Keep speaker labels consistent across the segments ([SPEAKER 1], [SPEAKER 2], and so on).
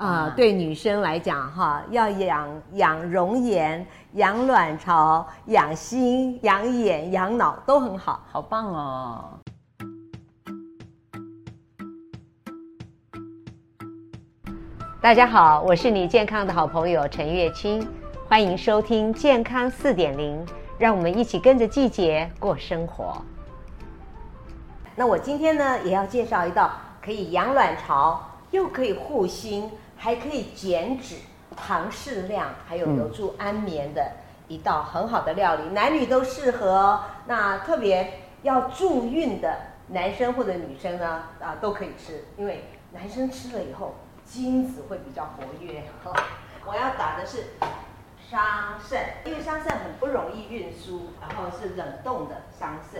[SPEAKER 1] 啊，uh, 對女生來講，哈，要養養容顏、養卵巢、養心、養眼、養腦都很好，好棒哦！大家好，我是你健康的好朋友陳月卿，歡迎收聽《健康四點零》，讓我們一起跟着季節過生活。那我今天呢，也要介紹一道可以養卵巢又可以護心。還可以減脂、糖適量，還有有助安眠的一道很好的料理，嗯、男女都適合。那特別要助孕的男生或者女生呢，啊，都可以吃，因為男生吃了以後精子會比較活躍。我要打的是桑椹，因為桑椹很不容易運輸，然後是冷凍的桑椹。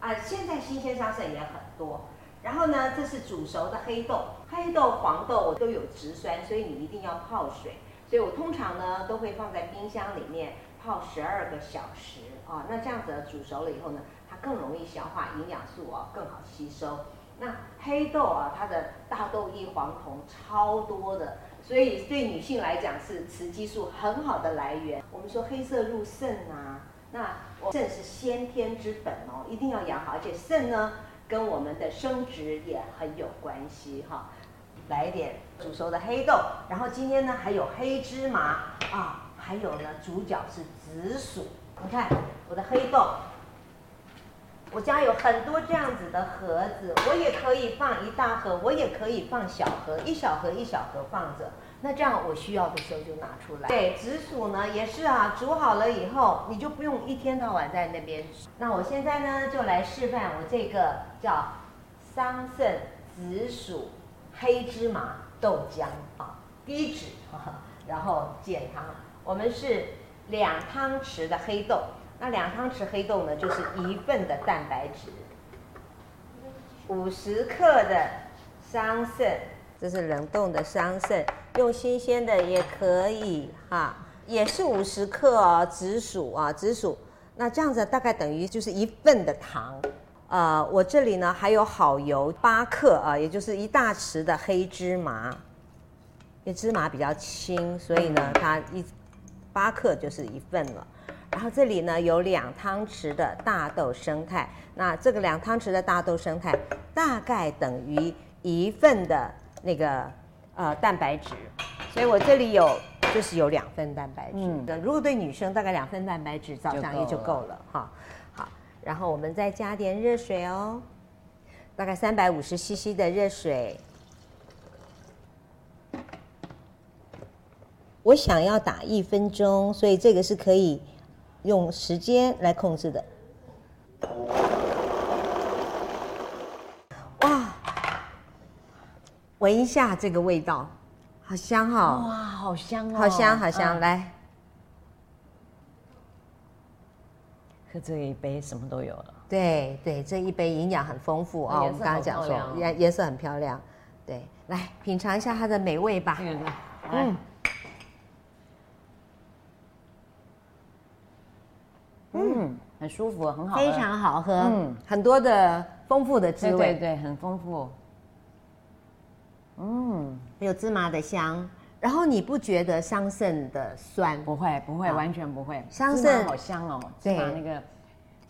[SPEAKER 1] 啊，現在新鮮桑椹也很多。然後呢，這是煮熟的黑豆。黑豆、黃豆都有植酸，所以你一定要泡水。所以我通常呢都會放在冰箱裡面泡十二個小時啊、哦。那這樣子煮熟了以後呢，它更容易消化營養素哦，更好吸收。那黑豆啊，它的大豆異黃酮超多的，所以對女性來講是雌激素很好的來源。我們說黑色入腎啊，那腎是先天之本哦，一定要養好。而且腎呢。跟我們的生殖也很有關係哈，來一點煮熟的黑豆，然後今天呢還有黑芝麻啊，還有呢主角是紫薯。你看我的黑豆，我家有很多這樣子的盒子，我也可以放一大盒，我也可以放小盒，一小盒一小盒，一小盒放着。那這樣我需要的時候就拿出來。對，紫薯呢也是啊，煮好了以後你就不用一天到晚在那邊煮。那我現在呢就來示範我這個叫桑葚、紫薯、黑芝麻豆漿啊，低脂，啊、然後減糖。我們是兩湯匙的黑豆，那兩湯匙黑豆呢就是一份的蛋白質，五十克的桑葚，這是冷凍的桑葚。用新鮮的也可以哈，也是五十克，哦，紫薯啊，紫薯。那這樣子大概等於就是一份的糖。呃，我這裡呢還有好油八克啊，也就是一大匙的黑芝麻。因為芝麻比較輕，所以呢它一八克就是一份了。然後這裡呢有兩湯匙的大豆生態，那這個兩湯匙的大豆生態大概等於一份的那個。呃，蛋白質，所以我這裡有就是有兩份蛋白質。嗯，如果對女生大概兩份蛋白質，早上也就夠了哈。好，好，然後我們再加點熱水哦，大概三百五十 CC 的熱水。我想要打一分鐘，所以這個是可以用時間來控制的。聞一下這個味道，好香哦！哇，好香哦！好香，好香，啊、來，喝這一杯什麼都有了。對對，這一杯營養很豐富啊、哦！哦哦、我們剛剛講說顏顏色很漂亮，對，來品嘗一下它的美味吧。嗯，嗯，很舒服，很好喝，非常好喝。嗯，很多的豐富的滋味，對，對，對，很豐富。嗯，有芝麻的香，然後你不覺得桑葚的酸？不會，不會，啊、完全不會。桑葚麻好香哦，對芝麻那個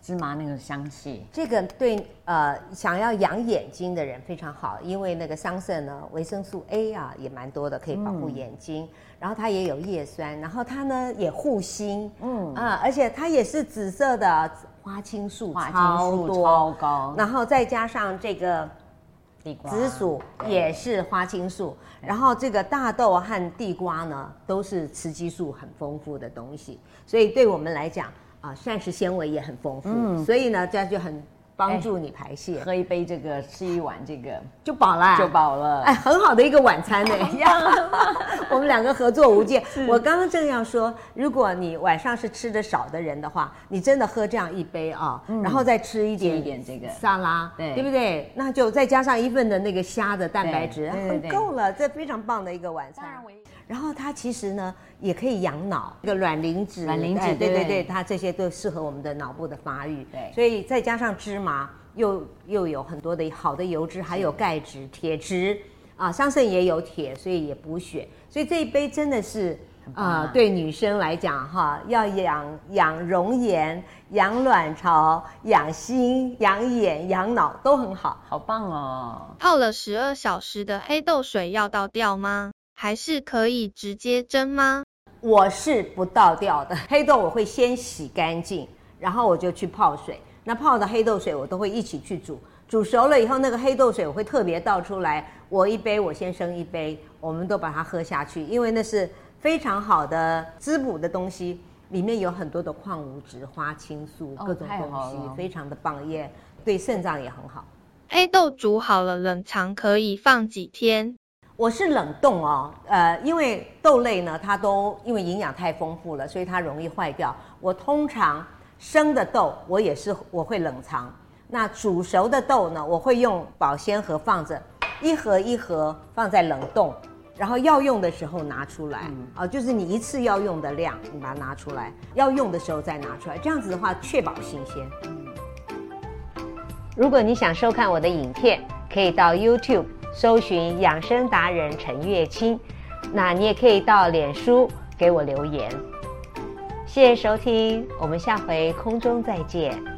[SPEAKER 1] 芝麻那個香氣。這個對呃，想要養眼睛的人非常好，因為那個桑葚呢，維生素 A 啊也蠻多的，可以保護眼睛。嗯、然後它也有葉酸，然後它呢也護心，嗯啊、呃，而且它也是紫色的，花青素超多，花青素超高。然後再加上這個。紫薯也是花青素，對然後這個大豆和地瓜呢，都是雌激素很豐富的東西，所以對我們來講啊、呃，膳食纖維也很豐富，嗯、所以呢，這就很。幫助你排泄，喝一杯這個，吃一碗這個就飽了，就飽了，哎，很好的一個晚餐呢。一樣，我們兩個合作無間。我剛剛正要說，如果你晚上是吃的少的人的話，你真的喝這樣一杯啊，然後再吃一點一點這個沙拉，對不對？那就再加上一份的那個蝦的蛋白質，夠了，這非常棒的一個晚餐。然後它其實呢，也可以養腦，一個卵磷脂，卵磷脂，對對對，對它這些都適合我們的腦部的發育。對，所以再加上芝麻，又又有很多的好的油脂，還有鈣質、是鐵質，啊、呃，桑葚也有鐵，所以也補血。所以這一杯真的是，啊、呃，對女生來講哈，要養養容顏、養卵巢、養心、養眼、養腦都很好，好棒哦。泡了十二小時的黑豆水要倒掉嗎？還是可以直接蒸嗎？我是不倒掉的黑豆，我會先洗乾淨，然後我就去泡水。那泡的黑豆水，我都會一起去煮。煮熟了以後，那個黑豆水我會特別倒出來。我一杯，我先生一杯，我們都把它喝下去，因為那是非常好的滋補的東西，裡面有很多的礦物質、花青素，哦、各種東西，非常的棒耶，對腎臟也很好。黑豆煮好了，冷藏可以放幾天？我是冷凍哦，呃，因為豆類呢，它都因為營養太豐富了，所以它容易壞掉。我通常生的豆，我也是我會冷藏。那煮熟的豆呢，我會用保鮮盒放着，一盒一盒放在冷凍，然後要用的時候拿出來，啊、嗯呃，就是你一次要用的量，你把它拿出來，要用的時候再拿出來，這樣子的話確保新鮮。如果你想收看我的影片，可以到 YouTube。搜尋養生達人陳月卿，那你也可以到臉書給我留言。謝謝收聽，我們下回空中再見。